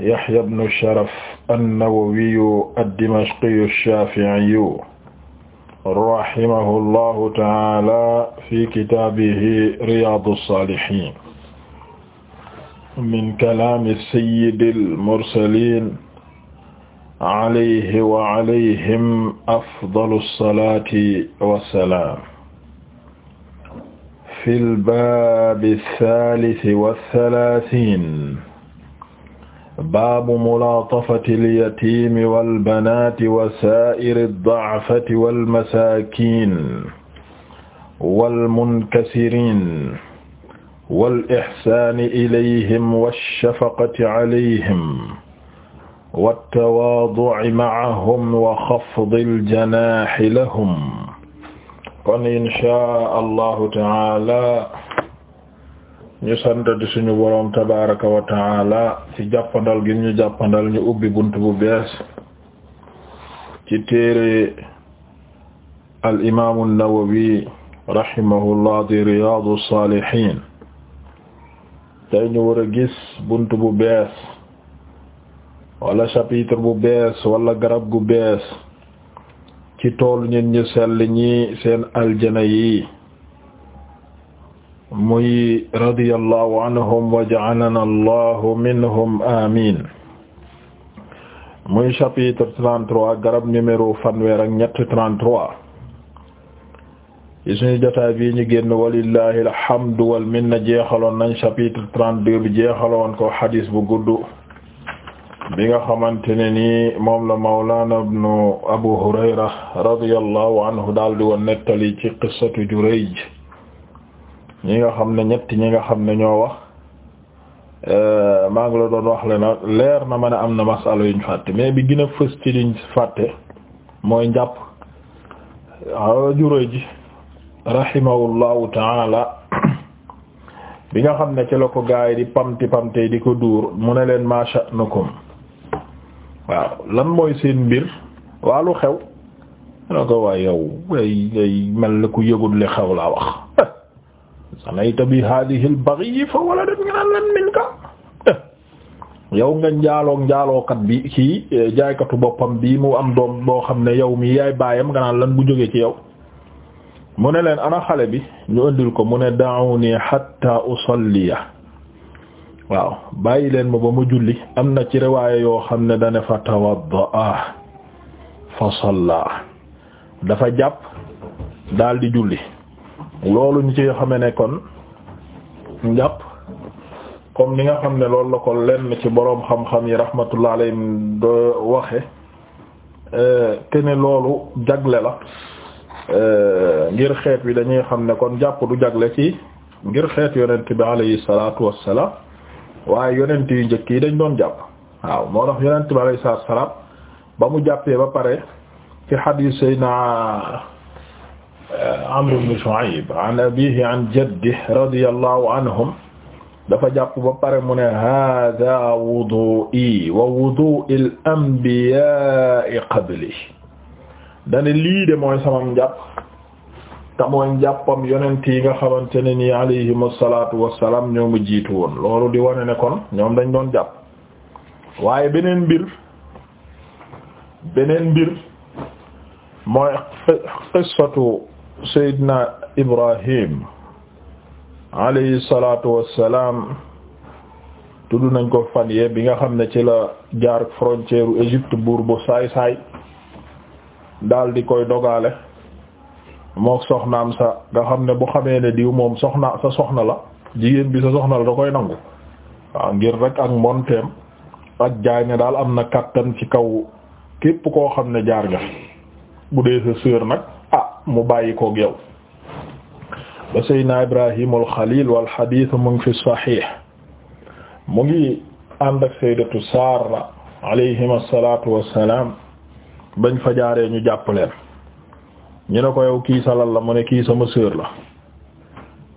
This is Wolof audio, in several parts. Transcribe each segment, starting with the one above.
يحيى بن شرف النووي الدمشقي الشافعي رحمه الله تعالى في كتابه رياض الصالحين من كلام سيد المرسلين عليه وعليهم أفضل الصلاة والسلام في الباب الثالث والثلاثين baabu mulaatafati lyatimi walbanati wa saa'iri daafati walmasaakiin walmunkasiriin walixsaani ilayhim walshafaqati calayhim wattawaaduci macahum wa xafdi aljanaaxi lahum kon inchaa allahu taala ñu santati suñu boroom tabaraka wa taala ci jàppandal gi ñu jàppandal ñu ubbi bunt bu bees ci téere al imaamu nawawi rahimahullah di riyaadu saalihiin tey ñu war a gis bunt bu bees wala chapitre bu bees wala garab gu bees ci tool ñen ñu sell ñi seen aljana yi muy radiyallahu anhum wa ja'alana allahu minhum amin muy chapitre 33 garab numéro fanweer ak ñett 33 ci suñu jotaay bii ñu génn walillahi alhamdu wal minna jeexaloon nañ chapitre 32 bi ko xadis bu gudd bi nga xamante ne nii moom la mawlana ibnu abu hurayra radiyallahu anhu daal di woon nettali ci qissatu ñi nga xam ne ñetti ñi nga xam ne ñoo wax euh, maa ngi la doon wax le na leer na ma ne am na masala yuñ fàtte mais bi gën a fës ci liñ fàtte mooy njàpp juróy ji rahimahullahu taala bi nga xam ne ci la ko gaay di pamti pamte di ko duur mu ne leen ma sha'nukum waaw lan mooy seen mbir waalu xew ne ko waay yow mel ni ku yëgul li xew laa wax sanayta bi hadihi al baghi fa waladat lan minka yow nga njaaloo njaalookat bi kii e, jaaykatu boppam bii mu am doom boo xam ne yow mi yaay baayam nga naan lan bu jógee ci yow mu ne leen ana xale bi ñu indil ko mu ne da'uni hatta usalliya waaw bàyyi leen ma ba mu julli am na ci riwaaya yoo xam ne dane fa tawaddaa fa salla dafa jàpp daal di julli loolu ñu ci xame ne kon njàpp comme ni nga xam ne loolu la ko lenn ci boroom xam-xam yi rahmatullah alayhim do waxe te euh, ne loolu jagle la euh, ngir xeet wi dañuy xam ne kon jàpp du jagle ci ngir xeet yonent bi alayhi salaatu wassalaam waaye yonent yu njëkk yi dañ doon jàpp waaw moo tax yonent bi alayhi salaatu wassalaam ba mu jàppee ba pare ci xadiis naa Amr ibn Shu'ayb an abiihi an jaddihi radiyallahu anhum dafa jàpp ba pare mu ne haaza wuduu'i wa wuduu'il anbiyaa'i qabli dane lii de mooy sama njàpp te mooy njàppam yonent yi nga xamante ne nii alayhimu salaatu wassalaam ñoo mu jiitu woon loolu di wane ne kon ñoom dañ doon jàpp waaye beneen Seydina Ibrahim alayhi salaatu wassalaam tudd nañ ko fan yee bi nga xam ne ci la jaar frontière u buur bu saay saay daal di koy dogale mook soxnaam sa nga xam ne bu xamee ne diw moom soxna sa soxna la jigéen bi sa soxna la da koy nangu waaw ngir rek ak monteem ak jaay ne daal am na kattan ci kaw képp koo xam ne jaar nga bu dee sa sœur nag mu bàyyi kook yow ba seydna ibrahim al xalil wal xadiis mu ngi fi saxiix mu ngi ànd ak saydatu saara alayhim asalatu wassalaam bañ fa jaaree ñu jàpp leen ñu ne ko yow kii salal la mu ne kii sama sœur la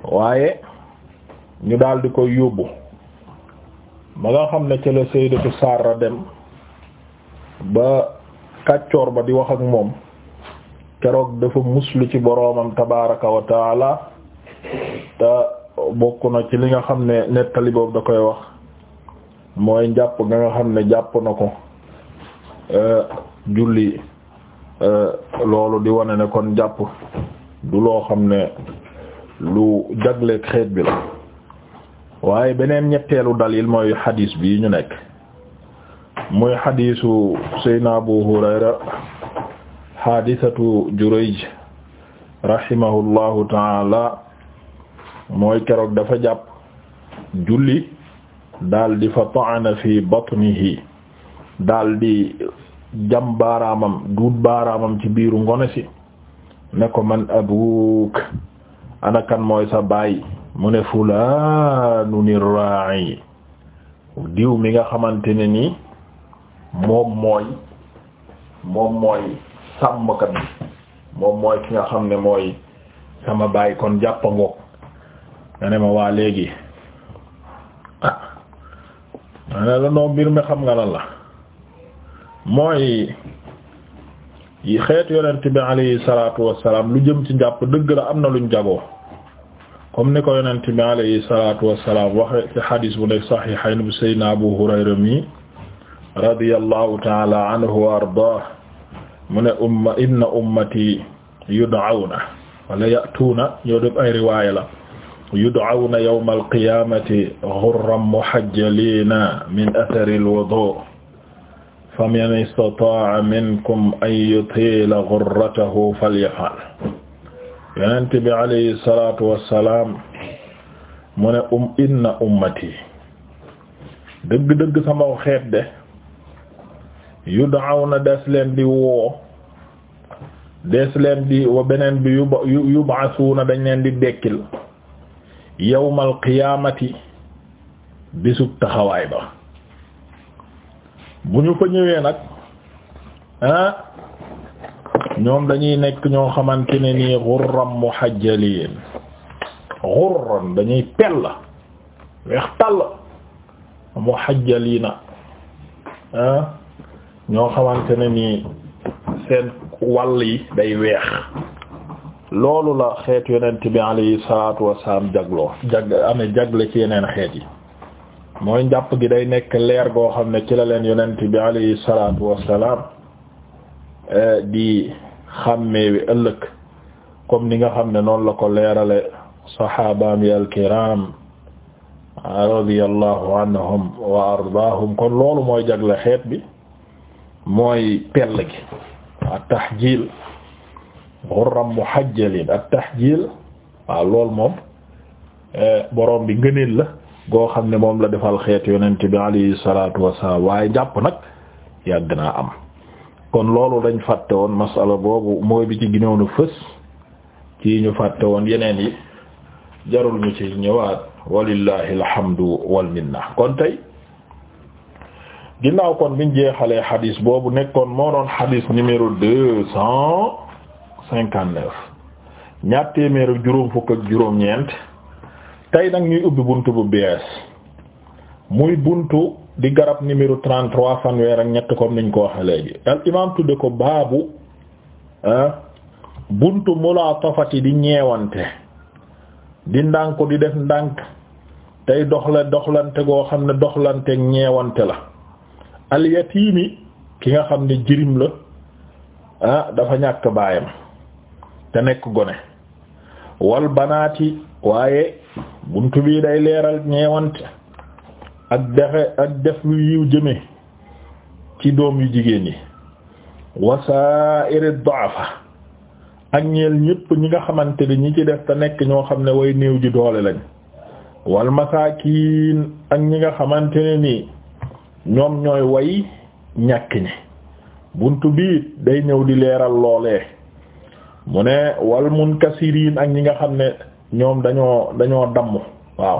waaye ñu daal di koy yóbbu ma nga xam ne ca la saydatu saara dem ba kàccoor ba di wax ak moom keroog dafa muslu ci boroomam tabaraka wa taala te bokk na ci li nga xam ne nettali boobu da koy wax mooy njàpp nga nga xam ne jàpp na ko e, julli e, loolu di wane ne kon jàpp du loo xam ne lu jagleeg xeet bi la waaye beneen ñetteelu dalil mooy xadiis bii ñu nekk muy xadiisu Seydina Abu Hurayra xaadisatu Jurayj rahimahullahu taala mooy keroog dafa jàpp julli daldi di fa ta'ana fi batnihi daal jam baaraamam duut baaraamam ci biiru ngone si ne ko man abuuk anakan mooy sa baay mu ne fulaanu ni ra'i diw mi nga xamante ne ni moom mooy moom mooy sàmmkat bi moom mooy ki nga xam ne mooy sama baay kon jàppa ngoog nga ne ma waa léegi ah ne la noo mbir mi xam nga lan la mooy xeet yonent bi alayhi salaatu salaam lu jëm ci njàpp dëgg la am na luñ jagoo comme ni ko yonent bi alayhi salaatu wassalaam waxe ci xadiis bu nekk saxiixayn bu seydina Abu Hurayra mi radiyallahu taala anhu wa ardaah mu ne umma inna ummati yud'awna wala ya'tuuna ñoo def ay riwaaya la yud'awna yawma alqiyamati ghurran muhajjalina min athari alwudu faman istata'a minkum an yutila ghurratahu falyaf'al yonent bi alayhi salatu wassalam mu ne um inna ummati dëgg-dëgg sama xeet de yud'awna des leen di woo des leen di wa beneen bi yu yub'asuna dañ leen di dekkil yawmal qiyaamati bisub taxawaay ba bu ñu fa ñëwee nag ah ñoom dañuy nekk ñoo xamante ne nii ghurran muhajjaliin ghurran dañuy pel weex tàll muhajjaliina ah ñoo xamante ne nii seen wàll yi day weex loolu la xeet yonent bi alayhi salaatu wasalaam jagloo jag amee jagle ci yeneen xeet yi mooy njàpp gi day nekk leer goo xam ne ci la leen yonent bi alayhi salaatu wasalaam e, di xàmmeewi ëllëg comme ni nga xam ne noonu la ko leerale saxaabaam yi alkiram radiyallahu anhum wa ardaahum kon loolu mooy jagle xeet bi mooy pell gi at-tahjil ghurram muhajjalin at-tahjil waaw loolu moom eh, borom bi ngëneel la goo xam ne moom la defal xeet yonent bi alayhi salaatu wassalaam waaye jàpp nag yàgg naa am kon loolu dañ fàtte woon masala boobu mooy bi ci ginnaaw na fës ci ñu fàtte woon yeneen yi jarul ñu ci ñëwaat walillahi alhamdu wal minna kon tey ginnaaw kon biñ jeexalee xadis boobu nekkoon moo doon xadis numéro deux cent cinquante neuf juróom fukk ak juróom-ñeent tey nag ñuy ubbi buntu bu bees muy bunt di garab numéro trente trois fanweer ak ñett comme niñ ko waxee léegi al imam tudde ko baabu ah, buntu mulaatafati di ñeewante di ndànk di def ndànk tey doxla doxlante goo xam ne doxlanteeg ñeewante la. al yatiimi ki nga xam ne jirim la ah dafa ñàkk baayam te nekk gone wal banaati waaye bunt bii day leeral ñeewante ak defe ak def lu yiw jëme ci doom yu jigéen yi wasaa'iri du'afa ak ñeel ñépp ñi nga xamante ni ñi ci def te nekk ñoo xam ne way néew ji doole lañ wal masaakiin ak ñi nga xamante nii ñoom ñooy way ñàkk ñi bunt bii day ñëw di leeral loole mu ne wal munkasiriin ak ñi nga xam ne ñoom dañoo dañoo damm waaw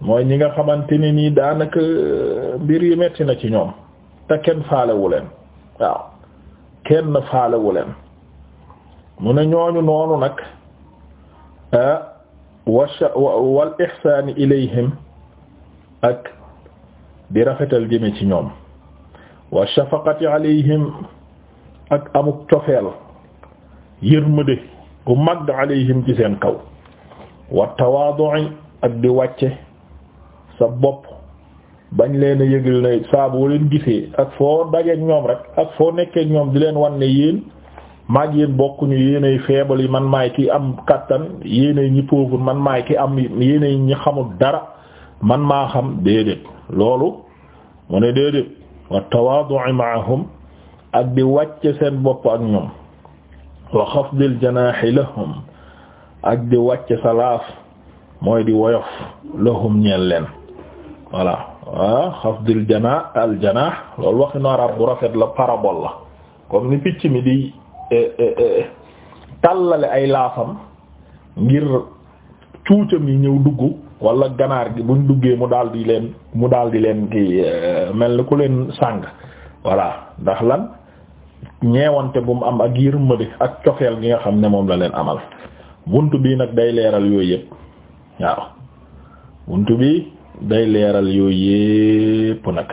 mooy ñi nga xamante ne nii daanaka euh, mbir yi metti na ci ñoom te kenn faalewu leen waaw kenn faalewu leen mu ne ñooñu noonu nag euh, wal ihsaani ilayhim ak di rafetal jëme ci ñoom wa shafaqati alayhim ak amuk cofeel yërmande gu mag alayhim ci seen kaw wa tawaadu'i ak di wàcce sa bopp bañ leen a yëgal ne saa boo leen gisee ak foo dajeek ñoom rek ak foo nekkeek ñoom di leen wan ne yéen maag bokkuñu yéenay feebal yi man maay ki am kàttan yéenay ñi pauvre man maay ki am yéenay ñi xamul dara man maa xam déedéet loolu mu ne déedéet wa tawaadu maahum ak di wàcce seen bopp ak ñoom wa xafdil janaahi lahum ak di wàcce sa laaf mooy di woyof lahum ñeel leen voilà wa xafdil janaa al janaax loolu waxi na bu rafet la parabol la comme ni picc mi di eh, eh, eh, tàllale ay laafam ngir cuucam yi ñëw dugg wala ganaar gi buñ duggee mu daal di leen mu daal di leen ki euh, mel ni ku leen sàng voilà ndax lan ñeewante bu mu am ak yërmande ak cofeel gi nga xam ne moom la leen amal bunt bii nag day leeral yooyu yëpp waaw bunt bi day leeral yooyu yëpp nag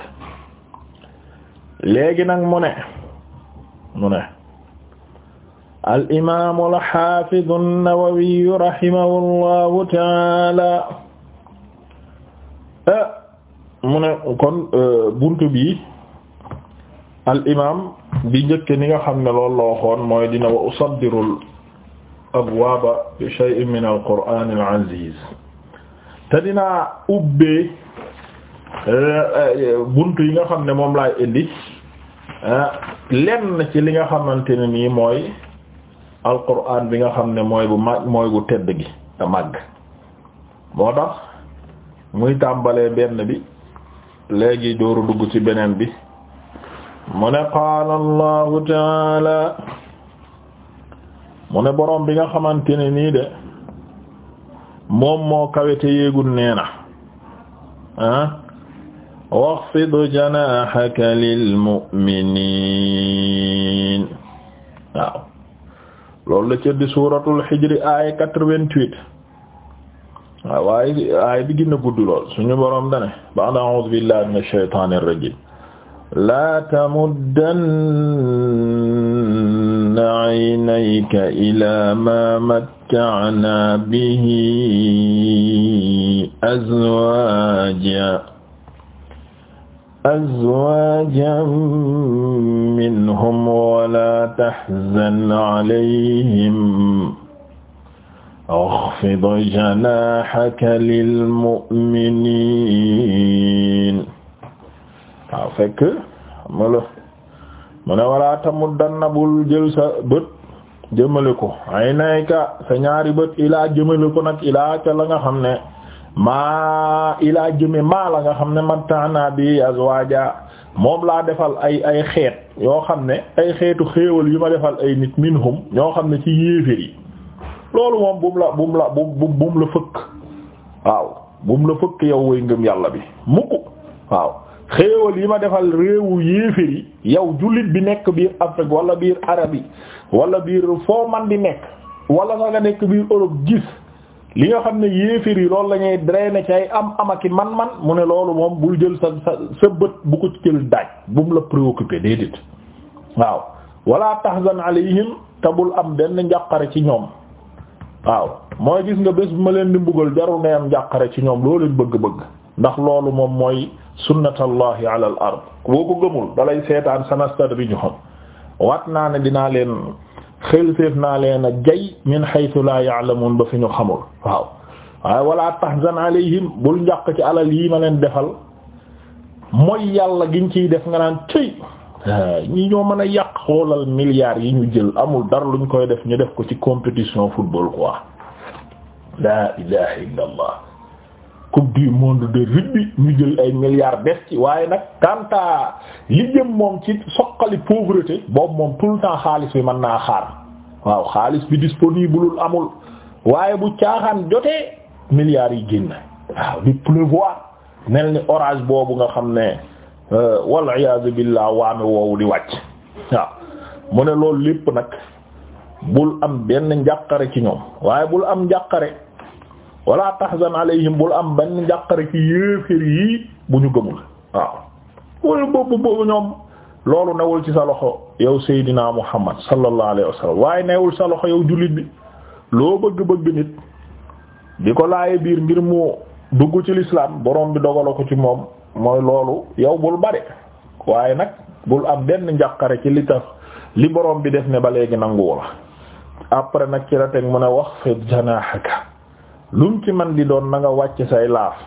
léegi nag mu ne mu ne al imaamu al xaafidu an-Nawawi rahimahu allahu Eh, mu ne kon eh, buntu bi al imaam bi njëkk ni nga xam ne loolu la waxoon mooy dina wa usaddirul abwaaba bi shay'in min al qur'aan al aziz te dinaa ubbee eh, buntu yi nga xam ne moom laay indi lenn ci li nga xamante ne nii mooy al qur'aan bi nga xam ne mooy bu mag mooy bu tedd gi te màgg moo tax muy tàmbalee benn bi léegi dooru dugg ci beneen bi mu ne qaala allahu taala mu ne boroom bi nga xamante ne nii de moom moo kawete yéegul nee na ah waxfid janaahaka lil mu'miniin waaw loolu la ci di suuratul xijri aaya quatre waaw waaye waaye bi gën a gudd lool suñu boroom dane ba and a'udhu billahi minash shaytanir rajim laa tamuddanna aynayka ilaa maa matta'naa bihi azwaajan azwaajan minhum wa laa tahzan alayhim axfid janaahaka lilmu'miniin waaw fekk ma la mu ne walaa tamuddanna bul jël sa bët jëmale ko aynayka sa ñaari bët ilaa jëmale ko nag ilaa ca la nga xam ne maa ilaa jëme maa la nga xam ne mattaana bi azwaaja moom laa defal ay ay xeet yoo xam ne ay xeetu xéewal yu ma defal ay nit minhum ñoo xam ne ci yéeféer yi loolu moom bu mu la bu mu la bu bu mu la fëkk waaw bu mu la fëkk yow woy ngëm yàlla bi mukk waaw xéewal yi ma defal réewu yéeféer yi yow jullit bi nekk biir Afrique wala biir Arab yi wala biir foo man di nekk wala sax nga nekk biir Europe gis li nga xam ne yéeféer yi loolu lañuy ñuy na ci ay am amaki man-man mu ne loolu moom bul jël sa sa sa bët bu ko jël daaj bu mu la préoccuper déedéet waaw wala tahzan alayhim te am benn njàqare ci ñoom waaw mooy gis nga bés ma leen di mbugal jarul ne am njàqare ci ñoom loo leen bëgg-bëgg ndax loolu moom mooy sunnatallahi ala al ard ko gëmul dalay seetaan sanastar bi ñu xam waat naa ne dinaa leen xelséef naa leen ak jay min haythu la ya'lamun ba fi ñu xamul waaw waaye wala tahzan ci alal yi ma leen defal mooy yàlla giñ ciy def nga naan tëy Eh, ñi ñoo mën a yàq xoolal milliards yi ñu jël amul dara luñ koy def ñu def ko ci compétition football quoi la ilaha illa allah du monde de rugby ñu jël ay milliards des ci waaye nag kanta li jëm moom ci soqali pauvreté boobu moom tout le temps xaalis bi mën naa xaar waaw xaalis bi disponible amul waaye bu caaxaan jotee milliards yi génn waaw di pleuvoir mel ni orage boobu nga xam ne Euh, walla iyaazu billaah waame woowu di wàcc waaw mu ne loolu lépp nag bul am benn njàqare ci ñoom waaye bul am njàqare wala tahzan alayhim bul am benn njàqare ci yéeféer yi bu ñu gëmul waaw wala boobu boobu ñoom loolu newul ci sa loxo yow Seydina Muhammad sallallahu alayhi wa waaye newul sa loxo yow jullit bi loo bëgg-bëgg nit di ko laaye biir ngir mu dugg ci lislaam borom bi dogala ko ci moom mooy loolu yow bul bare waaye nag bul am benn njàqare ci li tax li boroom bi def ne ba léegi nanguwu la après nag ci la teg mu ne wax fit janaahaka lum ci man di doon na nga wàcc say laaf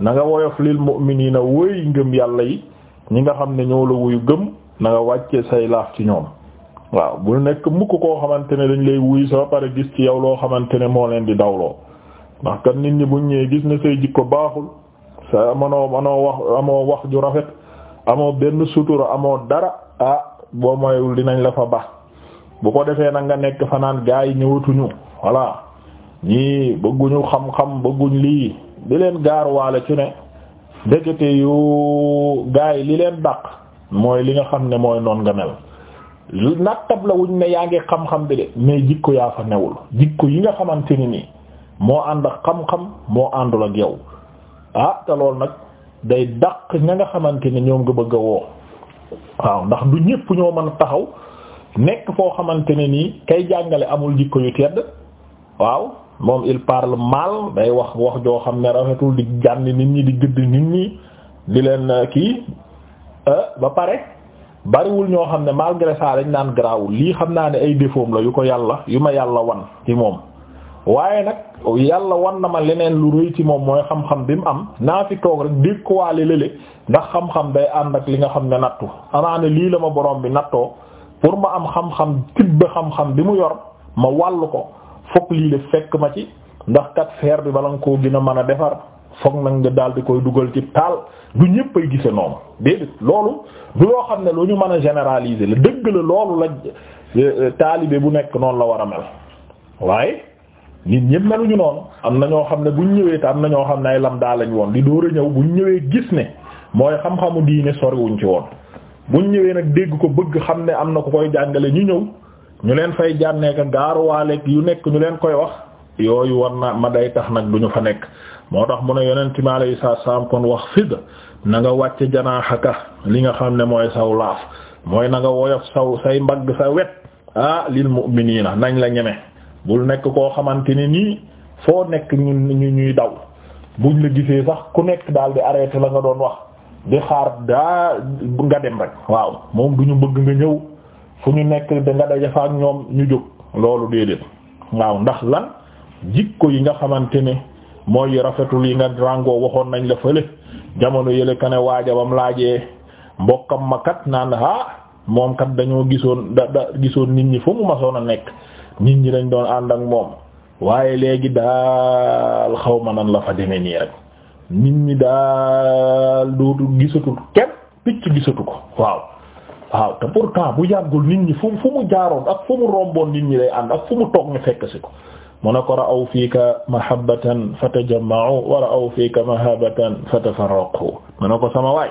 na nga woyof lil mu'miniina wëy ngëm yàlla yi ñi nga xam ne ñoo la wuyu gëm nanga nga wàcce say laaf ci ñoom waaw bul nekk mukk koo xamante ne dañ lay wuyu sa pare gis ci yow loo xamante ne moo leen di dawloo ndax kat nit ñi buñ ñëwee gis na say jikko baaxul sa mënoo wax amoo wax ju rafet amoo benn sutura amoo dara ah boo moyul dinañ la fa ba bu ko defee nag nga nekk fanaan gaa yi ñëwatuñu voilà ñii bëgguñu xam-xam bëgguñ lii di leen gaaruwaale ci ne ndekete yu gaa li leen dàq mooy li nga xam ne mooy noon nga mel nattab la wuñ ne yaa ngi xam-xam bi de mais jikko yaa fa newul jikko yi nga xamante ni nii moo ànd ak xam-xam moo àndul ak yow ah te loolu nag day dàq ña nga xamante ne ñoom nga bëgg a woo waaw ndax du ñépp ñoo mën a taxaw nekk foo xamante ne nii kay jàngale amul jikko yu tedd waaw moom il parle mal day wax wax joo xam ne rafetul di jànni nit ñi di gëdd nit ñi di leen uh, kii uh, ba pare bariwul ñoo xam ne malgré ça dañ naan garaawul lii xam naa ne ay défaut la yu ko yàlla yu ma yàlla wan ci moom waaye nag yàlla wan na ma leneen lu rëy ci moom mooy xam-xam bi mu am naa fi toog rek dégg ko waale lële ndax xam-xam day ànd ak li nga xam ne nattu amaane lii la ma borom bi nattoo pour ma am xam-xam tibbe xam-xam bi mu yor ma wàllu ko fokk lii de fekk ma ci ndax kat feer bi bala nga koo gën mën a defar fokk nag nga daal di koy dugal ci taal du ñëpp ay gise noonu déedéet loolu du loo xam ne lu ñu mën a généraliser la dëgg la loolu la euh, euh, taalibe bu nekk noonu la war a mel waaye nit ñëpp ñu noonu am na ñoo xam ne buñ ñëwee te am na ñoo xam ne ay lamda daalañ woon di door a ñëw buñ ñëwee gis ne mooy xam-xamu diine soriwuñ ci woon buñ ñëwee nag dégg ko bëgg xam ne am na ko koy jàngale ñu ñëw ñu leen fay jànneeka gaaruwaaleeg yu nekk ñu leen koy wax yooyu war na ma day tax nag duñu fa nekk moo tax mu ne yonent mi alayhi salaam kon wax fid na nga wàcce janaaxaka li nga xam ne mooy saw laaf mooy na nga woyof saw say mbagg sa wet ah lil mu'minina nañ la ñeme bul nekk koo xamante ne nii foo nekk ñu ñuy daw buñ la gisee sax ku nekk daal di arrêté la nga doon wax di xaar daa nga dem rek waaw moom du ñu bëgg nga ñëw fu ñu nekk da nga ak ñoom ñu jóg loolu déedéet waaw ndax lan jikko yi nga xamante ne mooy rafetul yi nga ràngoo waxoon nañ la fële jamono yële kane waaja waajabam laajee mbokkam ma kat naan ah moom kat dañoo gisoon da da gisoon nit ñi fu mu masoon a nekk nit ñi lañ doon ànd ak moom waaye léegi daal xaw ma nan la fa demee nii rek nit ñi daal dootu gisatul kenn picc gisatu ko waaw waaw te pourtant bu yàggul nit ñi fu fu mu jaaroon ak fu mu romboon nit ñi lay ànd ak fu mu toog ñu fekk ko mu ne ko ra'aw fiika mahabbatan fatajamma'u wa ra'aw fiika mahabatan fatafarraqu mu ne ko sama waay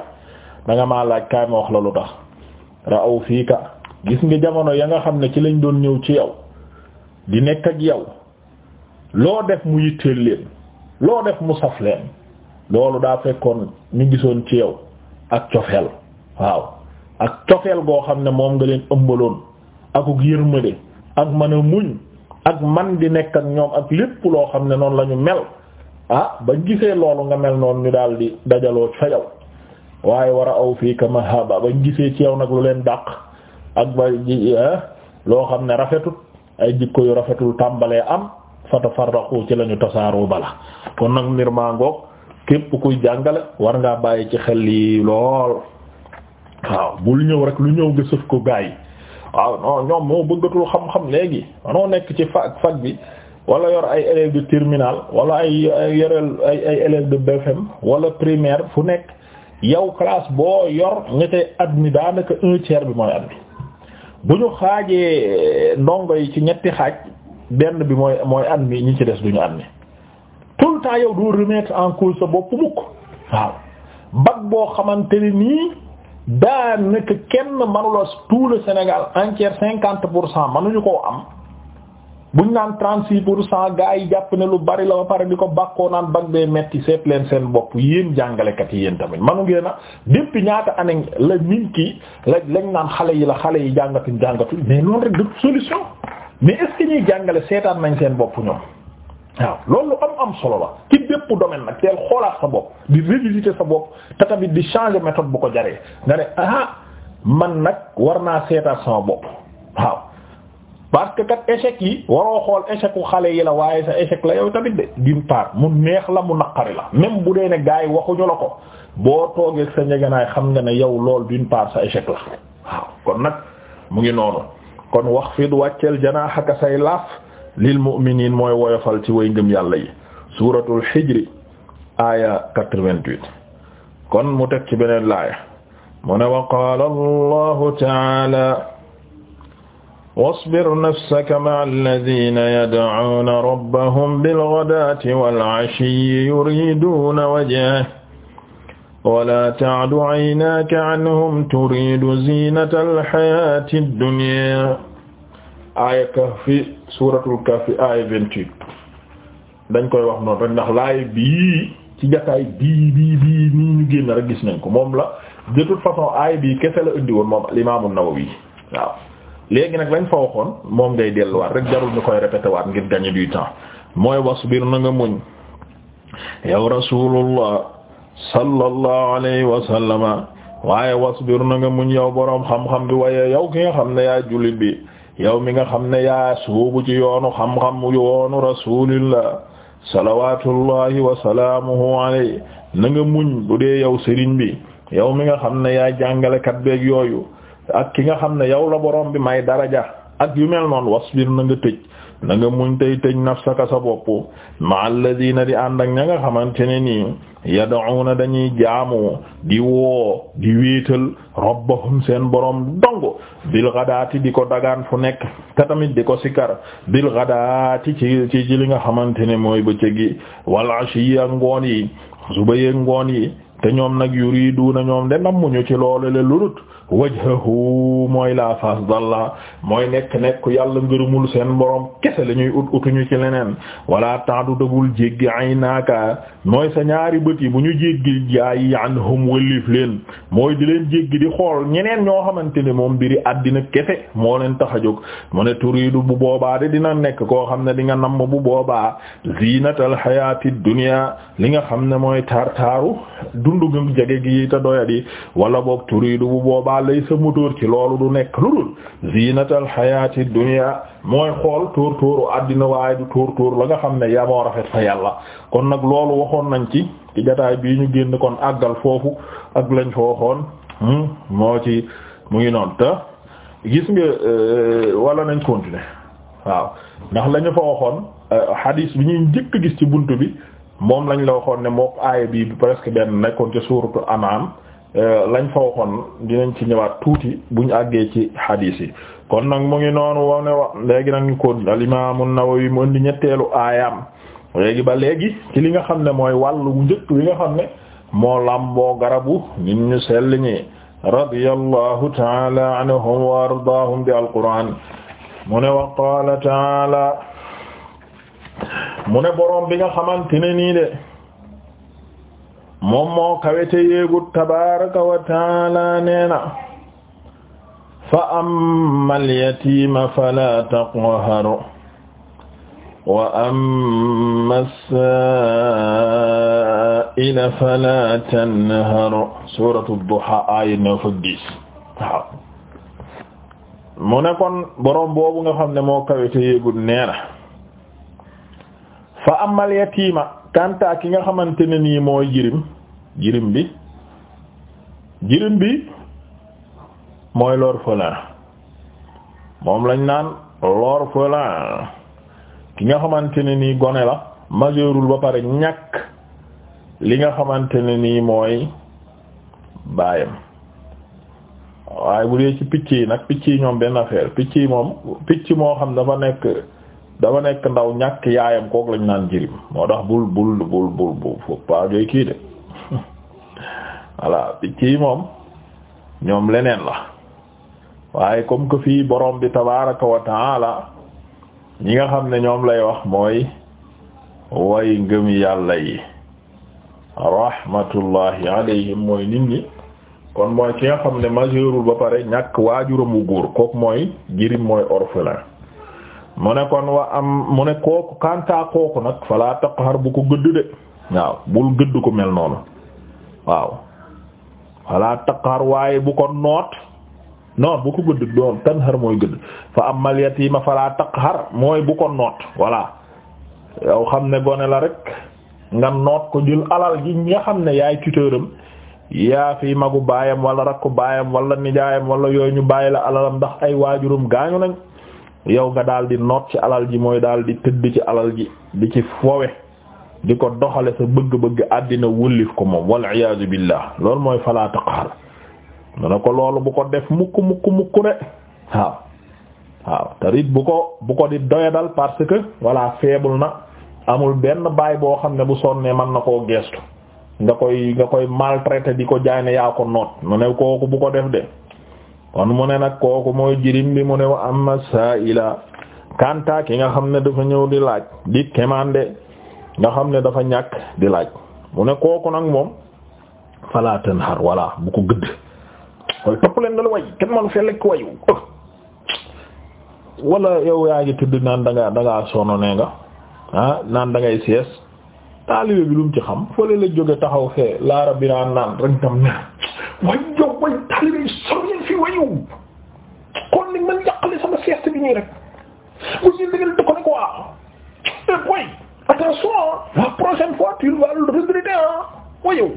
da maa laaj kaay wax la lu tax ra'aw fiika gis nga jamono ya nga xam ne ci lañ doon ñëw ci yow di nekk ak yow loo def mu yitteel leen loo def mu saf leen loolu daa fekkoon ñu gisoon ci yow ak cofeel waaw ak cofeel goo xam ne moom nga leen ëmbaloon akuk yërmande ak mën a muñ ak man di nekk ak ñoom ak lépp loo xam ne noonu lañu mel ah ba gisee loolu nga mel noonu ñu daal di dajaloo fa waaye war a aw fii ka mahaba bañ gisee ci yow nag lu leen dàq ak ba eh, loo xam ne rafetut ay jikko yu rafetul tàmbalee am fatafarraqu ci lañu tasaaroo bala kon nag mbir maa ngoog képp kuy jàngale war ngaa bàyyi ci xel yi lool waaw bul ñëw rek lu ñëw nga sëf ko gaa waaw ñoom moo bëggatul xam-xam léegi manoo nekk ci fac fag bi walla yor ay élèves de terminale wala ay ay ay élèves de BFM wala primaire fu nekk yow classe boo yor ñettee at mi daanaka un tiers bi mooy at bi bu ñu xaajee eh, ndongo yi ci ñetti xaaj benn bi mooy mooy an mi ñi ci des duñu an mi tout le temps yow doo remettre en cause sa bopp mukk waaw bac boo xamante ni nii daanaka kenn manula tout le Sénégal entier cinquante pour cent manuñu koo am buñ naan 36 pour cent gars yi jàpp ne lu bari la ba pare di ko bàkkoo naan bag bee metti seet leen seen bopp yéen jàngalekat yi yéen tamit manu ngeen a depuis ñaata année la nit ki la lañ naan xale yi la xale yi jàngatuñ jàngatu mais loolu rek de solution mais est ñuy jàngale seetaan nañ seen bopp ñoom waaw loolu am am solo la ci bépp domaine nag teel xoolaat sa bopp di revisiter sa bopp te tamit di changer méthode bu ko jaree nga ne ah man nag war naa seetaat sama parce que kat échec yi waroo xool échec xale yi la waaye sa échec la yow tamit de d'une mu neex la mu naqari la même bu dee ne gars yi waxuñu la ko boo toogee sa njëgënaay xam nga ne yow lool d'une part sa échec la waaw kon nag mu ngi noonu kon wax fi du wàcceel janaaxaka say laaf lil mu'miniin mooy woyofal ci way ngëm yàlla yi suuratul xijri aaya 88 kon mu teg ci beneen laaya mu ne wa qaala allahu taala wasbir nafsaka ma'a allaziina yad'uuna rabbahum bil-ghadaati wal-'ashiyyi yuriiduuna wajhahu wa laa ta'du 'aynaaka 'anhum turiidu ziinata al-hayaati ad-dunyaa. aaya Kahfi suuratul Kahfi aaya 28 dañ koy wax noonu rek ndax laay bii ci jataay bii bii bii nii ñu génn rek gis nañ ko moom la de toute façon aaya bii kese la indi woon moom al-Imaam an-Nawawi waaw. léegi nag lañ fa moom ngay delluwaat rek jarul ñu koy répété waat ngir gagner du temps mooy wasbir na nga muñ yow rasulullah sallallahu alayhi wa sallama waaye wasbir na nga muñ yow boroom xam-xam bi waaye yow ki nga xam ne yaa julit bi yow mi nga xam ne yaa suubu ci yoonu xam-xam yoonu rasulillah salawatullahi wa salaamuhu alayhi na nga muñ bu dee yow sëriñ bi yow mi nga xam ne yaa jàngalekat beeg yooyu ak ki nga xam ne yow la borom bi may daraja ak yu mel noonu wasbir na nga tëj na nga muñ tey tëj nafsaka sa bopp ma alladina di ànd ak ña nga xamante ne nii yad'una dañuy jaamu di woo di wéetal rabbahum seen borom dong bil ghadaati di ko dagaan fu nekk te tamit di ko sikar bil ghadaati ci ci ci li nga xamante ne mooy bëccëg gi wal ashi ak ngoon yi suba ngoon yi te ñoom nag yuridu na ñoom de nammuñu ci loolu le lurut wajhahu mooy la fas dalla mooy nekk nekk yàlla ngërëmul seen borom kese la ut utuñu ci leneen wala taadu dëbul jéggi ay naaka mooy sa ñaari bët yi bu ñu jéggi jaay yi anhum wëllif leen mooy di leen jéggi di xool ñeneen ñoo xamante ne moom mbiri àddina kese moo leen tax a jóg mu ne turiidu bu boobaa de dina nekk koo xam ne di nga namm bu boobaa ziinatal xayaati dunya li nga xam ne mooy taar taaru dundu gi jege gi te doyadi wala boog turiidu bu boobaa lay sa moteur ci loolu du nekk lu dul ziinatal xayaati dunya mooy xool tóor tóoru àddina waaye du tóor tóor la nga xam ne yaa moo rafet yàlla waxoon nañ ci ci jotaay bii ñu génn kon àggal foofu ak lañ fa waxoon hmm? moo ci mu ngi noonu te gis nga euh, wala nañ continuer waaw ndax la ñu fa waxoon euh, hadith bi ñuy njëkk gis ci bunt bi moom lañ la waxoon ne mook aaya bii presque benn nekkoon ci suuratu An'am euh, lañ fa waxoon dinañ ci ñëwaat tuuti buñ àggee ci hadith yi kon nag mu ngi noonu woo wax léegi nag ñu ko al imam an-Nawawi mu indi ñetteelu aayam léegi ba léegi ci li nga xam ne mooy wàllu njëkk li nga xam ne moo làmboo garabu nit ñu sell ñi radiyallahu taala anhum wa ardaahum bi alquran mu ne wa qaala taala mu ne bi nga xamante ne nii de moom moo kawete yéegut tabaraka wa taala na fa amma al yatiima fala taqhar wa amma saa'ila fala tanhar suuratu duha aaya neuf ak dix waaw mu ne kon boroom boobu nga xam ne moo kawite yéegul nee na fa amal yatiima kanta ki nga xamante ne nii mooy jirim jirim bi jirim bi mooy l'orphelin moom lañ naan l'orphelin ki nga xamante ne nii gone la majeurul ba pare ñàkk li nga xamante ne nii mooy baayam waaye bu dee ci picc yi nag picc yi ñoom benn affaire picc yi moom picc moo xam dafa nekk dafa nekk ndaw ñàkk yaayam kook lañ naan jirim moo tax bul bul bul bul bul faut pas jooy kii de voilà picc yi moom ñoom leneen la waaye comme que fii borom bi tabaraka wa taala ñi nga xam ne ñoom lay wax mooy way ngëm yàlla yi rahmatullahi alayhim mooy nit ñi kon mooy ki nga xam ne majeurul ba pare ñàkk waajuram wu góor kook mooy jirim mooy orphelin mu ne kon wa am mu ne kooku kantaa kooku nag fala taqhar bu ko gëdd de waaw bul gëdd ko mel noonu waaw fala taqhar waaye bu ko noot non bu ko gëdd doon tanhar mooy gëdd fa yi ma falaa taqhar mooy bu ko noot voilà yow xam ne gone la rek nga noot ko jël alal ji nga xam ne yaay tuteuram yaa fi magu baayam wala rakku baayam walla nijaayam wala yooyu ñu bàyyi la alalam ndax ay waajuram gaañu nañ yow nga daal di noot ci alal ji mooy daal di tëdd ci alal ji di ci fowe di ko doxale sa bëgg-bëgg àddina wëllif ko moom walla iyaazu billah loolu mooy falaa taqhar mu ne ko loolu bu ko def mukk mukk mukk de waaw waaw tarit bu ko bu ko di doyadal parce que voilà feebul na amul benn baay boo xam ne bu sonnee man na koo geestu nga koy nga koy maltraité di ko jaay ne yaa ko noot mu ne kooku bu ko def de kon mu ne nag kooku mooy jirim bi mu ne am amma sa'ila kanta ki nga xam ne dafa ñëw di laaj di kemande nga xam ne dafa ñàkk di laaj mu ne kooku nag moom falaatan xar walla bu ko gëdd mooy topp leen dal way kenn manu fee lekk wayu wala yow yaa ngi tudd naan da ngaa da nee nga ah, naan da ngay sees taalibe bi lu ci xam fële la jóge taxaw fee laara bi naan naan rek tam ne way yow way taalibe yi soññeen fi wayu kon ni man jàqale sama sieste bi nii rek bu ñu dëggal da ko ne ko eh, waaw boy attention la prochaine fois tu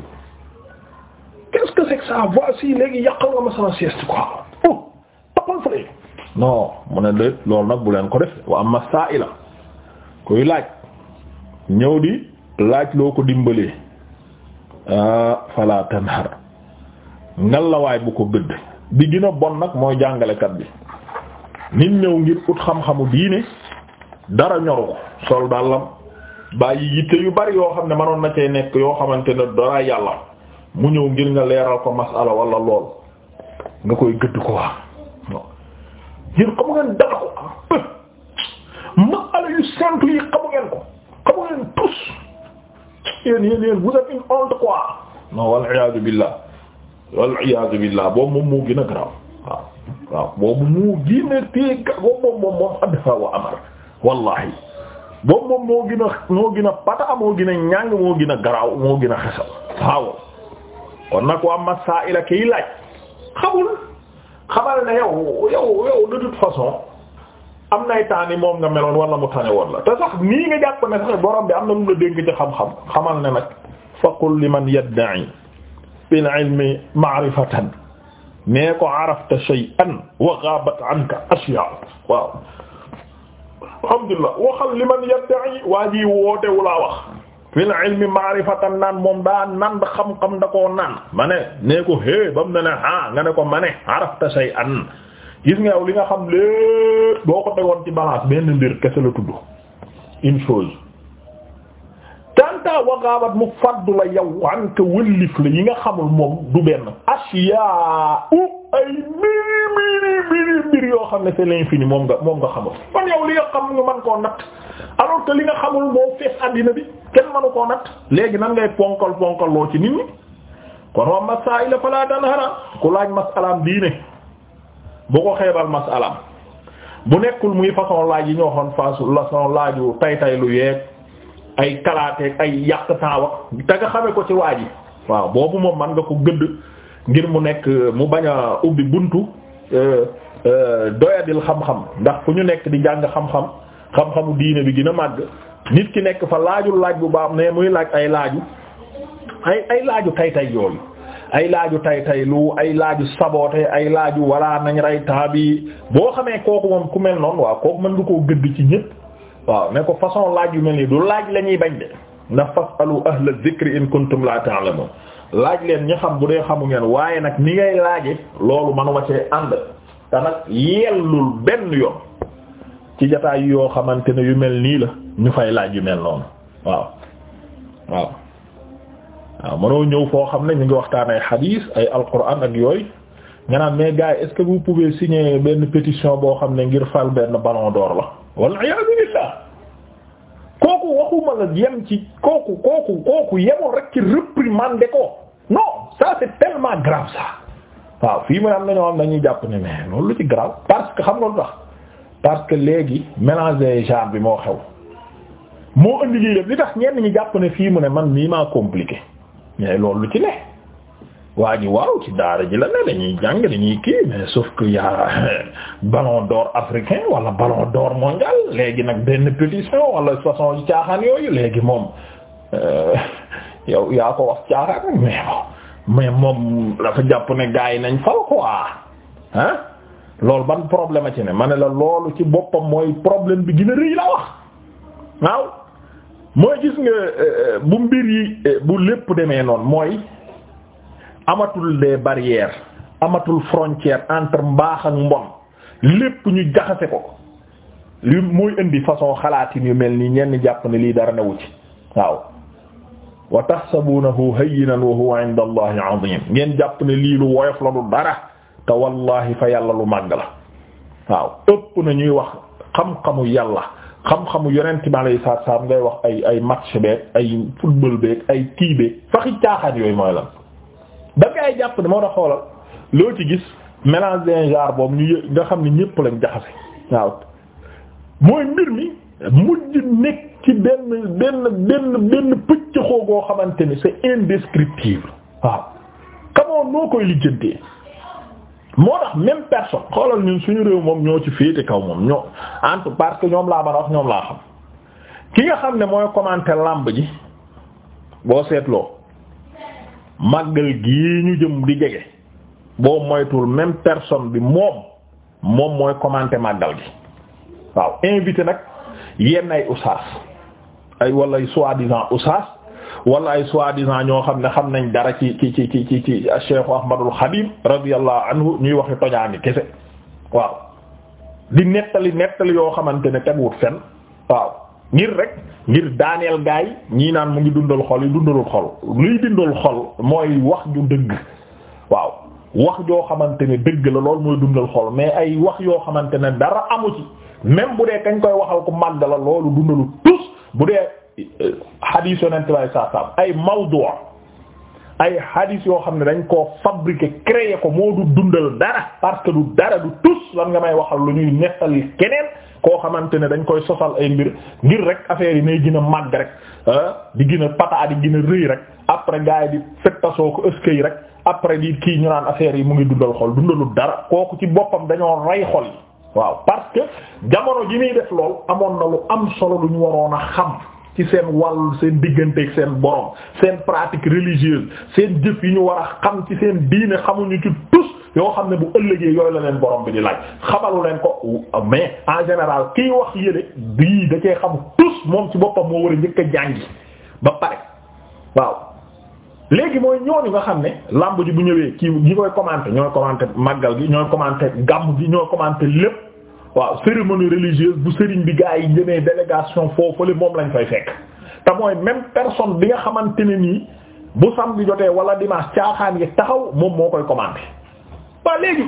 qu'est-ce que c'est que ça voici léegi yàqal nga ma sama sieste fa léegi. Oh, non mu ne lépp loolu nag bu leen ko def wa amma sa'ila kuy laaj ñëw di laaj loo ko dimbalee ah fala tanhar ngalawaay bu ko gëdd bi gën bon nag mooy jàngalekat bi nit ñëw ngir ut xam-xamu diine dara ñoru ko sol dàllam bàyyi yitte yu bari yoo xam ne manoon na cee nekk yoo xamante ne dara yàlla. mu ñëw ngir nga leeral ko masala wala lool nga koy gëdd ko waa yéen xamu ngeen dara ko masala yu sentu yi xamu ko xamu ngeen tous yéen yéen yéen vous êtes une honte quoi non wal iyaadu billah wal iyaadu billah boobu moom moo gën a garaaw waaw waaw boobu moo gën a téye boobu moo gën a moo gën garaaw moo gën a xesal kon nag waa masaa'ila kiy laaj xamul xamal ne yow yow yow de façon am nay temps ni moom nga meloon wala mu tane woon la nii nga jàpp ne sax borom bi am na lu la dénk ci xam-xam xamal ne nag faqul liman yadda'i bil ilmi ma'rifatan ko arafta shay'an wa ghabat anka ashya waaw alhamdulillah waxal liman yadda'i waa ji wootewulaa wax fil ilmi ma'rifatan naan moom daa nan da xam-xam da koo naan ma ne nee ko hé ba ne ne ah nga ne ko ma ne arafta shay'an gis nga yow li nga xam lépp boo ko tegoon ci balance benn mbir kese la tudd une chose tanta wagaabat mu faddu la yow wante wëllif la yi nga xamul moom du benn asiyaa u ay miri miri miri mbir yoo xam ne c'est l'infini moom nga moom nga xamul kon yow li nga xam nga mën koo natt alors que li nga xamul moo fees àddina bi kenn manu koo nag léegi nan ngay ponkal ponkal ci nit ñi kon wa masaila fala tanhara ku laaj masalaam diine bu ko xeebal masalaam bu nekkul muy façon laaj yi ñoo xoon façon façon laaju tay tay lu yeeg ay kalaateeg ay yàq taawa te nga xame ko ci waaj yi waaw boobu moom man nga ko gëdd ngir mu nekk mu bañ a ubbi buntu euh, euh, doyadil xam-xam ndax fu ñu nekk di jàng xam-xam xam-xamu diine bi gën a màgg nit ki nekk fa laajul laaj bu baax mais muy laaj ay laaju ay ay laaju tay tay yooyu ay laaju tay tay lu ay laaju saboote ay laaju walaa nañ rey temps bi boo xamee kooku moom ku mel noonu waaw kooku mën nga koo gëdd ci ñépp waaw ne ko façon laaj yu mel nii du laaj la ñuy bañ de ndax fasalu ahla dhikri in kuntum la ta'lamun laaj leen ñi xam bu dee xamu ngeen waaye nag ni ngay laaje loolu man wacee ànd te nag yellul benn yoon ci jataay yoo xamante ne yu mel nii la ñu fay laaj yu mel noonu waaw waaw mënoo ñëw foo xam ne ñu ngi waxtaan ay xadiis ay alquran ak yooyu nga naan mais gars yi est-ce que benn pétition boo xam ne ngir fal benn ballon d'or la walla iyaazu billaah kooku waxuma la yem ci kooku kooku kooku yemul rek ci réprimander ko non ça c'est tellement grave ça waaw fii mu am na ñoo am dañuy jàpp ne mais loolu ci grave parce que xam nga lu parce que léegi mélanger genre bi moo xew moo indi lii def li tax ñenn ñi jàpp ne fii mu ne man mii maa compliqué mais loolu lu ci ne waa ji waaw ci daara ji la ne dañuy jàng dañuy kii mais sauf que yaa ballon d'or africain wala ballon door mondial léegi nag benn pétition wala façon caaxaan yooyu léegi moom euh, yow yaa ko wax caaxaan mais mais moom dafa jàpp ne gars yi nañ fal quoi ah loolu ban problème a ci ne ma ne la loolu ci boppam mooy problème bi gën a rëy la wax waaw mooy gis nga euh, bu mbir yi euh, bu lépp demee noonu mooy amatul des barrières amatul frontière entre mbaax ak mbon lépp ñu jaxase ko li mooy indi façon xalaatin yu mel nii ñenn jàpp ne lii dara newu ci waaw wa tahsabunahu hayyinan wa huwa inda allahi azim ngeen jàpp ne lii lu woyof la du dara te wallahi fa yàlla lu màgg la waaw ëpp na ñuy wax xam-xamu yàlla xam-xamu yonent bi alayhi salaatu salaam ngay wax ay ay match beeg ay football beeg ay kii beeg faxi caaxaan yooyu mooy lan da jàpp ne moo tax xoolal loo ci gis mélange d'un genre boobu ñu nga xam ne ñépp lañ jaxase waaw mooy mbir mi mujj nekk ci benn benn benn pëcc xoogoo xamante ni c'est indescriptible waaw xamoon noo koy lijjantee moo tax même personne xoolal ñun suñu réew moom ñoo ci féete kaw moom ñoo entre parce que ñoom laa mën a ñoom laa xam ki nga xam ne mooy commenter làmb ji boo seetloo màggal gii ñu jëm di jege boo moytuwul même personne bi moom moom mooy commenter màggal gi waaw invité nag yenn ay usaas ay wala soit disant usaas wala ay soi-disant ñoo xam ne xam nañ dara ci ci ci ci ci ci Cheikh Ahmadul Khadim radiyallahu anhu ñuy waxi tojaani kese waaw di nettali nettali yoo xamante ne teguwut fen waaw ngir rek ngir daaneel gaay ñii naan mu ngi dundal xol yi dundalul xol luy dundal xol mooy wax ju dëgg waaw wax joo xamante ne dëgg la loolu mooy dundal xol mais ay wax yoo xamante ne dara amu ci même bu dee kañ koy waxal ku màgg la loolu dundalu tus bu dee xadiis yonent bay saasaam ay mawdu' ay xadiis yoo xam ne dañ koo fabriquer créer ko moo du dundal dara parce que du dara du tus lan nga may waxal lu ñuy nettali keneen koo xamante ne dañ koy sosal ay mbir ngir rek affaire yi nay gina a rek ah, di gën a pataa di gën rëy rek après gars yi di fettasoo ko ëskëy rek après di kii ñu naan affaire yi mu ngi dundal xol dundalu dara kooku ci boppam dañoo rey xol yi waaw parce que jamono ji muy def lool amoon am solo lu ñu waroon a xam ci seen wàll seen diggante digganteeg seen borom seen pratique religieuse seen jëf yi ñu war a xam ci seen diine xamuñu ci tus yoo xam ne bu ëllëgee yooyu la leen boroom bi di laaj xamalu leen ko mais en général kiy wax yële bii da xamu xam tus moom ci boppam moo war a njëkk a jàngi ba pare waaw. léegi mooy ñooñu nga xam ne lamb ji bu ñëwee kii gi koy commenter ñooy commenter màggal gi ñooy commenter gàmm gi ñooy commenter lépp. waaw cérémonie religieuse bu sëriñ bi gaa yi jëmee délégation foofule moom lañ fay fekk te mooy même personne bi nga xamante ne nii bu samedi jotee wala dimanche caaxaan yi taxaw moom moo koy commandé waa léegi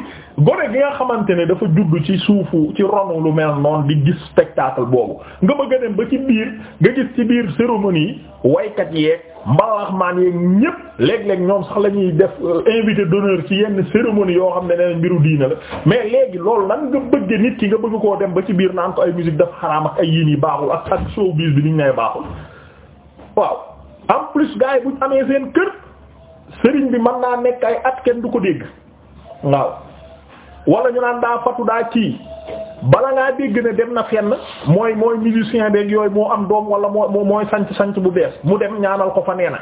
gone gi nga xamante ne dafa judd ci suufu ci ronu lu mel noonu di gis spectacle boobu nga bëgg dem ba ci biir nga gis ci biir cérémonie waykat yeeg mbalaxmaan yeeg ñépp léeg-léeg ñoom sax la ñuy def euh, invité d'honneur ci yenn cérémonie yoo xam ne nee mbiru diine la mais léegi loolu nan nga bëgg nit ki nga bëgg koo dem ba ci biir naan ko ay musique dafa xaraam ak ay yéen yi baaxul ak ak showbiz bi ni ñu lay baaxul waaw en plus gars yi buñ amee bi mën naa nekk at kenn du ko dégg. waaw wala ñu naan daa fatu daa kii bala ngaa dégg ne dem na fenn mooy mooy musicien beeg yooyu moo am doom wala moo mooy sanc sanc bu bees mu dem ñaanal ko fa nee na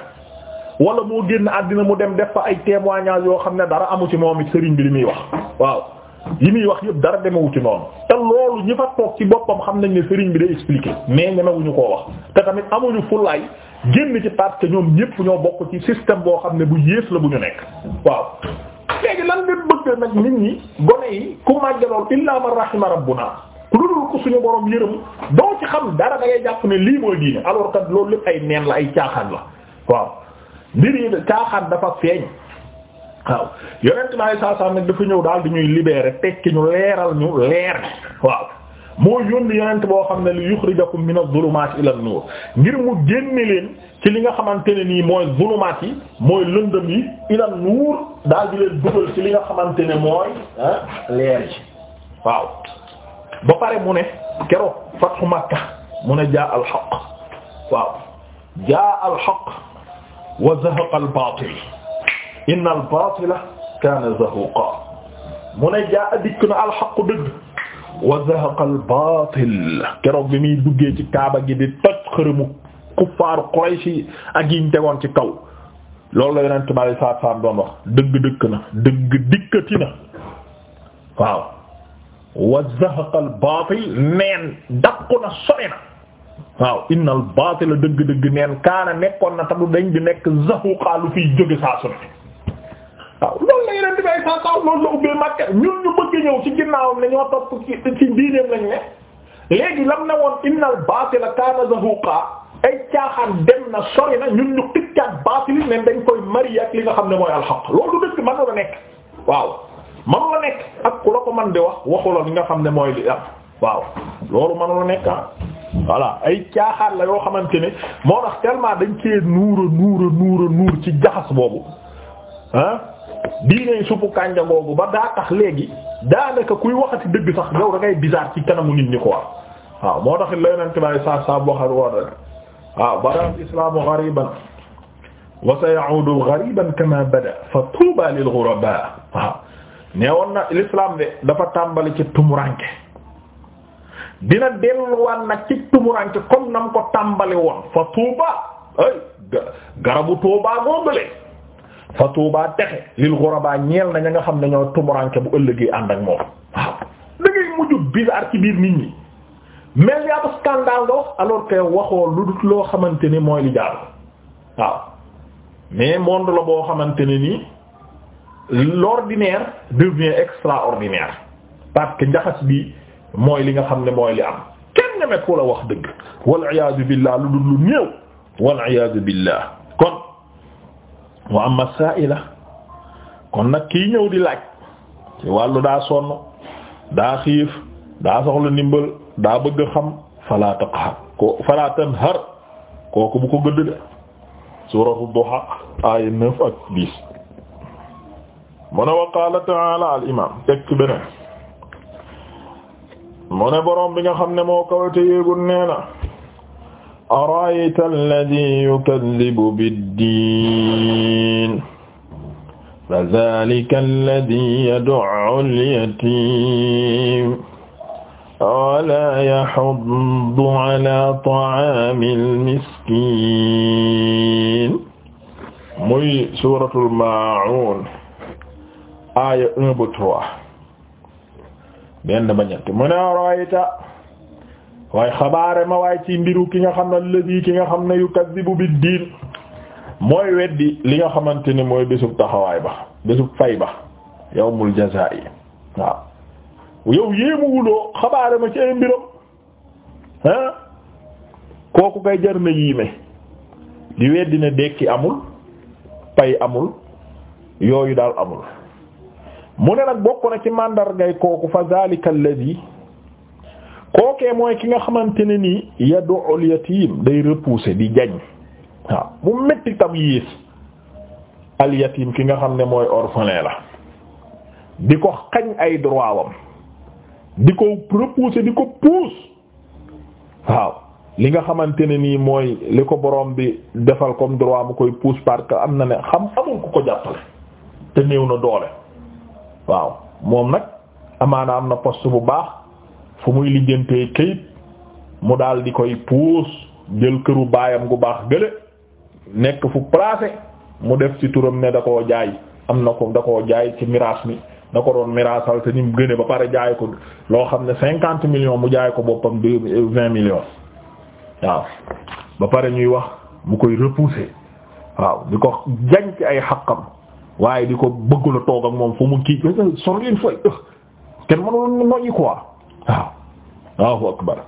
wala moo génn àddina mu dem def fa ay témoignage yoo xam ne dara amu ci moom sëriñ bi li muy wax waaw li muy wax yëpp dara demewu ci noonu te loolu ñi fa toog ci boppam xam nañ ne sëriñ bi day expliquer mais ñemewuñu koo wax te tamit amuñu fullaay génn ci parce que ñoom ñépp ñoo bokk ci système boo xam ne bu yées la bu ñu nekk waaw léegi lan ngeen bëgg nag nit ñi gone yi ku màggalool illaa man rahima rabbuna lu dul ko suñu borom yërëm doo ci xam dara da ngay jàpp ne lii mooy diine alors que loolu lépp ay neen la ay caaxaan la waaw mbir yi caaxaan dafa feeñ waaw yonent naa saa saa nag dafa ñëw daal di ñuy libérer tekki ñu leeral ñu leer waaw moo yónni yonent boo xam ne li yuxrijakum mina zulumaati ila nuur ngir mu génne leen ci li nga xamante ne nii mooy zulumaat yi mooy lëndëm yi ilan nuur daal di leen ci li nga xamante ne mooy leer yi waaw ba pare mu ne keroog fathu Makka mu ne jaa al haqq waaw jaa al haqq wa zahaqa al baatil inna al baatila kaana zahuqa mu ne jaa dikk na al haqq dëgg wa zahaqa al baatil keroog bi muy duggee ci kaaba gi di toj xërëmu kuffaaru Quraysh yi ak yiñ tegoon ci kaw loolu la yonent bi alei saatu doon wax dëgg dëkk na dëgg dikkati na waaw wa zahaqa neen daqu na sone na waaw inna al dëgg-dëgg neen kaana nekkoon na ta du dañ nekk zahuqaalu fiy jóge saa su ne waaw loolu la yeneen di bay saa saa la ubbee Makka ñun ñu bëgg ñëw ci ginnaawam ne ñoo topp ci ci diineem lañ ne léegi lam ne woon innal baatila kaana zahuqa ay caaxaan dem na sori na ñun ñu tëccaat baatili ne dañ koy mari ak li nga xam ne mooy alxaq loolu dëkk mënu la nekk waaw mënu la nekk ak ku la ko man di wax waxu li nga xam ne mooy li am waaw loolu mënu la nekk ah voilà ay caaxaan la yoo xamante ni moo tax tellement dañ cee nuura nuura nuura nuur ci jaxas boobu ah diine suppu kànja googu ba daa tax léegi wax a ci dëgg sax yow da ngay bizarre ci kanamu nit ñi ko war waaw moo tax it la yonent bi saa saa waxal woon waaw ah, bada islaamu ghariban wa sayaudu ghariban kama bada fa tuuba lil ghuraba waaw ah, neewoon na de dafa tàmbali ci tumuranke dina delluwaat nag ci tumuranke comme nam ko tàmbali woon fa tuuba ay garabu tuuba googale fa tuuba texe lil ghuraba ñeel na ña nga xam ne ñoo tumuranke bu ëllëgee ànd ak moom waaw ah, da ngay mujj bizarre ci biir ñi mel ni ab scandale nga wax alors waxoo lu dul loo xamante ni mooy li jaar waaw mais monde la boo xamante ne nii l'ordinaire devient extraordinaire parce que njaxas bi mooy li nga xam ne mooy li am kenn ñemet ku wax dëgg wal iyaadu billah lu dul lu néew wal kon wa amma kon nag kii ñëw di laaj ci wàllu daa sonn daa xiif daa soxla ndimbal daa bëgg a xam fala taqhar ko fala tanhar kooku bu ko gëdd de suratu duha aaya neuf ak dix mu ne wa qaala ta'ala al imam tekk beneen mu ne boroom bi nga xam ne moo kawate yéegul nee na ara'ayta alladhi yukadhibu bid-din fa dhalika alladhi yad'u al-yatim wala yaxuddu ala ta'aamil miskiin muy suuratul maa'uun aaya un ba trois mu ne arayta waaye xabaare ma waaye ci mbiru ki nga xam ne alladi ki nga xam ne yukaddibu biddiin mooy weddi li nga xamante ni mooy bésub taxawaay ba bésub fay ba yawmul jazaa'i yow yéemu wuloo xabaare ma ci ay mbiram ah kooku kay jar na yiime di weddi ne amul pay amul yooyu daal amul mu ne nag bokk na ci màndargay kooku fa zalika alladhi kookee mooy ki nga xamante ne nii yadu al yatim day repousser di jañ waaw mu métti tam yiis al yatim ki nga xam ne mooy orphelin la di ko xañ ay droit wam di ko repousser di ko pousse waaw li nga xamante ne nii mooy li ko boroom bi defal comme droit mu koy pousse parce que am na ne xam amul ku ko jàppale te néew na doole waaw moom nag amaana am na post bu baax fu muy lijjantee kayit mu daal di koy pousse jël këru baayam gu baax gële nekk fu placé mu def ci turam ne da koo jaay am na ko da koo jaay ci miraas mi da ko doon miraasal te ni mu gëne ba pare jaay ko loo xam ne cinquante millions mu jaay ko boppam deux vingt millions waaw ba pare ñuy wax mu koy repousser waaw di ko jañ ci ay xaqam waaye di ko bëgg la toog ak moom fu mu kii sorli une fois kenn mënul noyyi quoi waaw Allahu akbar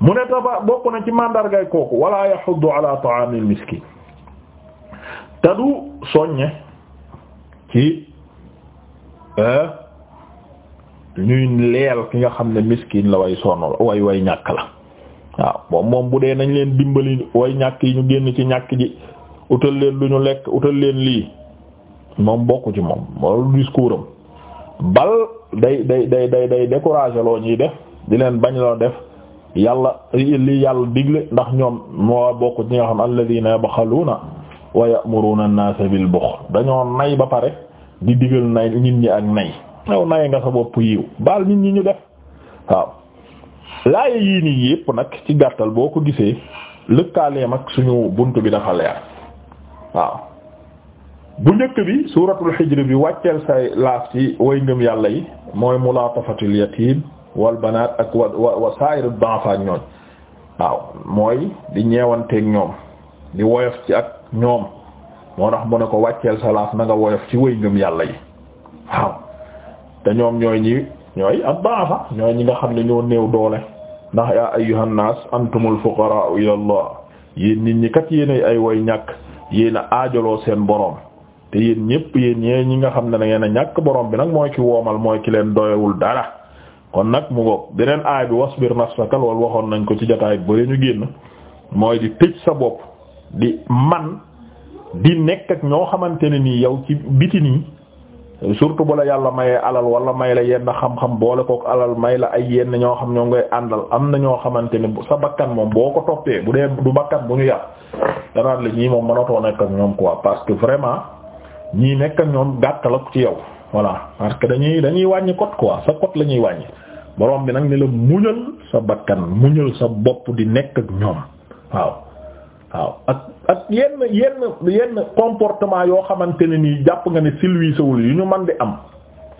mu ne tafa bokk na ci mandargay kooku wala yaxuddu ala ta'amil miskin te du soññe ci Euh, ñuy leel ki nga xam ne miskin la way sonn la way way ñàkk la waaw moom bu dee nañ leen dimbali way ñàkk yi ñu génn ci ñàkk ji utal leen lu ñu lekk utal leen lii moom bokku ci moom loolu discours am bal day day day day day décourager loo ñuy def di leen bañ loo def yàlla li yàlla digle ndax ñoom moo bokku ci nga xam alladhina yabxaluuna wa ya'muruna an-naasa bil buxl dañoo nay ba pare di digal nay nit ñi ak nay yow nay nga sa bopp yiw baal nit ñi ñu def waaw laaye yii nii yépp nag ci gàttal boo ko gisee lëkkaaleem ak suñu bunt bi dafa leer waaw bu njëkk bi suuratul xijr bi wàcceel say laaf ci way ngëm yàlla yi mooy mulaatafatul yatiim wal ak wa wa wa saayir danfa ñooñ waaw mooy di ñeewanteeg ñoom di woyof ci ak ñoom moo tax mu ne ko wàcceel sa laaf na nga woyof ci wëy ngëm yàlla yi waaw te ñoom ñooy ñi ñooy ad-da'afa ñooy ñi nga xam ne ñoo néew doole ndax yaa ayyuhan naas antumul fuqaraa ila Allah yéen nit ñi kat yéenay ay woy ñàkk yéen a aajaloo seen boroom te yéen ñépp yéen ñee ñi nga xam ne da ngeen a ñàkk boroom bi nag mooy ki woomal mooy ki leen doyewul dara kon nag mu ngoog beneen aay bi wasbir nafsaka loolu waxoon nañ ko ci jotaay bi ba ñu génn mooy di tëj sa bopp di man di nekk ak ñoo xamante ne nii yow ci biti nii surtout ba la yàlla mayee alal wala may la yenn xam-xam boole kook alal may la ay yenn ñoo xam ñoo ngay àndal am na ñoo xamante ne sa bakkan moom boo ko toppee bu dee du bakkan bu ñu yàq danaan la ñii moom mënatoo nekk ak ñoom quoi parce que vraiment ñii nekk ak ñoom gàttal ak ci yow voilà parce que dañuy dañuy wàññi kot quoi sa kot la ñuy wàññi borom bi nag ni la muñal sa bakkan muñal sa bopp di nekk ak ñoom waaw ak yenn yenn yenn comportement yoo xamante ne nii jàpp nga ne silwisewul yu ñu man di am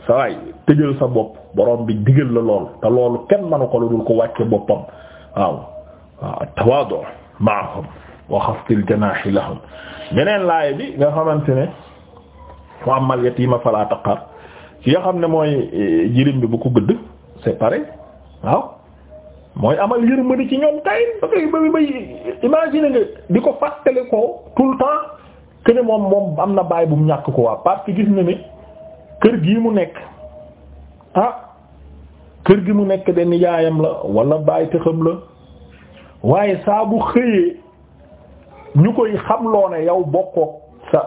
sawaay tëjal sa bopp borom bi digal la lool te loolu kenn manu ko lu dul ko wàcce boppam waaw waaw tawaadu maahum wa xaftil janaahi lahum beneen laay bi nga xamante ne wa ammal yatiima falaa taqhar ci xam ne mooy eh, jirim bi bu ko gëdd c'est waaw mooy amal yërmande ci ñoom kay ba ba ba imagine nga di ko fàttali ko tout le temps que moom moom am na baay bu ñàkk ko waa parce que gis na ni kër gi mu nekk ah kër gi mu nekk de nijaayam la walla baay tëxam la waaye saabu bu xëyee ñu koy xamloo ne yow bokkook sa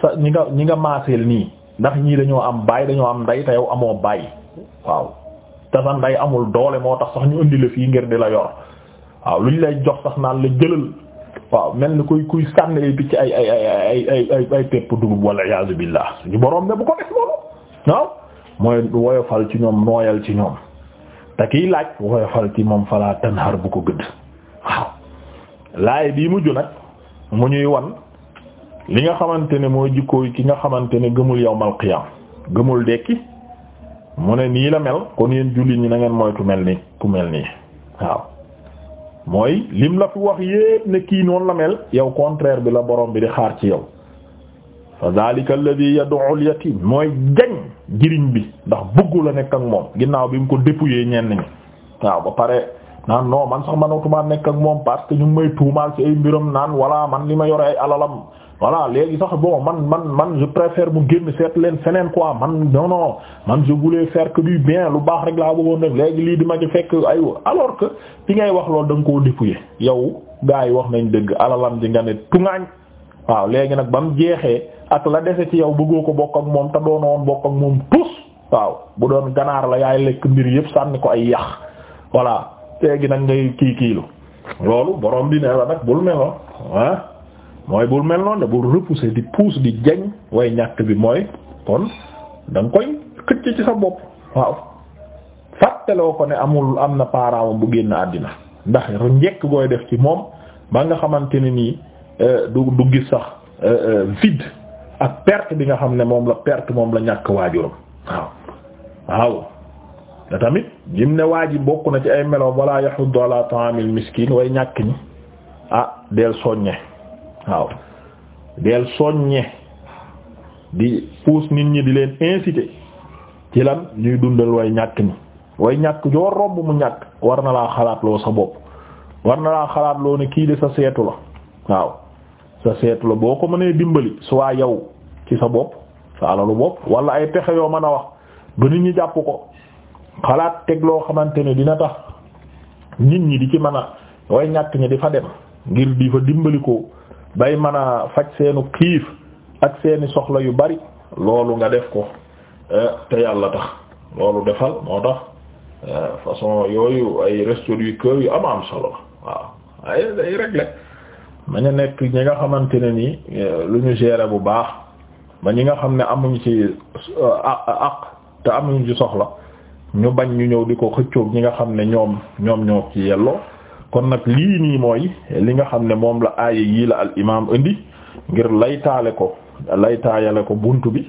sa ñi nga ñi nga maaseel nii ndax ñi dañoo am baay dañoo am ndey te yow amoo baay waaw. te sa amul doole moo tax sax ñu indi la fii ngir di la yor waaw ñu lay jox sax naan la jëlal waaw mel ni kuy kuy sànni ay picc ay ay ay ay ay ay pepp dugub wala yaazu billah boroom ne bu ko def loolu mooy woyofal ci ñoom mooyal ci ñoom te kiy laaj woyofal ci moom falaa tanhar bu ko gëdd waaw laay bii mujj nag mu ñuy wan li nga xamante ne mooy jikkooy ki nga xamante ne gëmul yawmal qiyaam gëmul dekki mu ne nii la mel kon yéen julli ñi na ngeen moytu mel ni ku mel nii waaw mooy lim la fi wax yépp ne kii noonu la mel yow contraire bi la borom bi di xaar ci yow fa zalika alladhi yad'u al-yatim mooy jañ jiriñ bi ndax bëggu la nekk ak moom ginnaaw bi mu ko dépouillé ñenn ñi waaw ba pare naan non man sax manatuma nekk ak moom parce que ñu ngi may tuumaal ci ay mbiram naan walla man li ma yore ay alalam voilà léegi sax boo man man man je préfère mu génn seet leen feneen quoi man non non man je voulais faire que du bien lu baax rek laa bëggoon def léegi lii di ma ci fekk aywa alors que fi ngay wax loolu da nga koo dépouiller yow gars yi wax nañ dëgg alalam ji nga ne tuŋaañ waaw léegi nag ba mu jeexee ak la dese ci yow bëggoo ko bokk ak moom te doona woon bokk ak moom tous waaw bu doon ganaar la yaay lekk mbir yëpp sànni ko ay yàq voilà léegi nag ngay kii kiilu borom bi ne la mooy bul mel noonu da bul repousser di pousse di jañ way ñàkk bi mooy kon da koy xëcc ci sa bopp waaw fàttaloo ko ne amul am na parent bu génn àddina ndax njekk booy def ci moom ba nga xamante ne nii euh, du du gis sax euh, euh, vide ak perte bi nga xam ne moom la perte moom la ñàkk waajuram waaw waaw te tamit jim ne waa ji bokk na ci ay meloom wala yahuddu ala ta'amil miskin way ñàkk ñi ah del soññe waaw del soññe di puus nit ñi di leen inciter ci lan ñuy dundal way ñàkk ni way ñàkk joo romb mu ñàkk war na laa xalaatloo sa bopp war na laa xalaatloo ne kii de sa seetu la waaw sa seetu la boo ko mënee dimbali soit yow ci sa bopp sa alalu bopp wala ay pexe yoo mën a wax ba nit ñi jàpp ko xalaat teg loo xamante ne dina tax nit ñi di ci mën a way ñàkk ñi di fa dem ngir di fa dimbali ko bay mën a faj seenu xiif ak seeni soxla yu bari loolu nga def ko eh, te yàlla tax loolu defal moo tax eh, façon yooyu ay restos du cœur yu am am solo la waaw ay day ma ñu nekk ñi nga xamante ne nii eh, lu ñu gérer bu baax ma ñi nga xam ne amuñ ci àq te amuñ ci soxla ñu bañ ñu ñëw di ko xëccoog ñi nga xam ne ñoom ñoom ñoo ci yelloo kon nag lii nii mooy li nga xam ne moom la aaya yii la al imaam indi ngir laytaale ko laytaayale ko bunt bi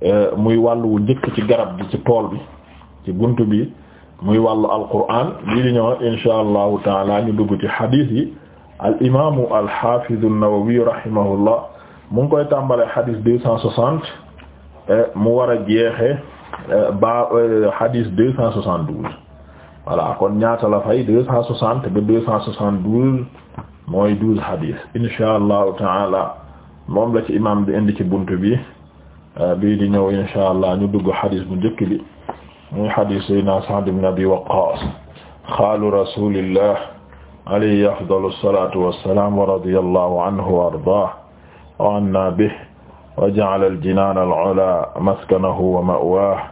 eh, muy wàllu wu njëkk ci garab gi ci tool bi ci bunt bi muy wàllu alquran lii di ñëw insha allahu taala ñu dugg ci xadiis yi al imaamu al xaafizu an-Nawawi rahimahullah mu ngi koy tàmbalee xadiis deux cent soixante eh, mu war a jeexe eh, ba xadiis deux cent soixante-douze voilà kon ñaata la fay deux cent soixante ba deux cent soixante douze mooy douze hadith insha allahu taala moom la ci imam bi indi ci bunt bi euh, bii di ñëw insha allah ñu dugg hadith bu njëkk bi muy hadith sayna Sa'd ibn Abi Waqqas xaalu rasulillah alayhi afdalu salatu wassalam wa radiyallahu anhu wa ardah wa anna bihi wa ja'ala al-jinana al-'ula maskanahu wa ma'wahu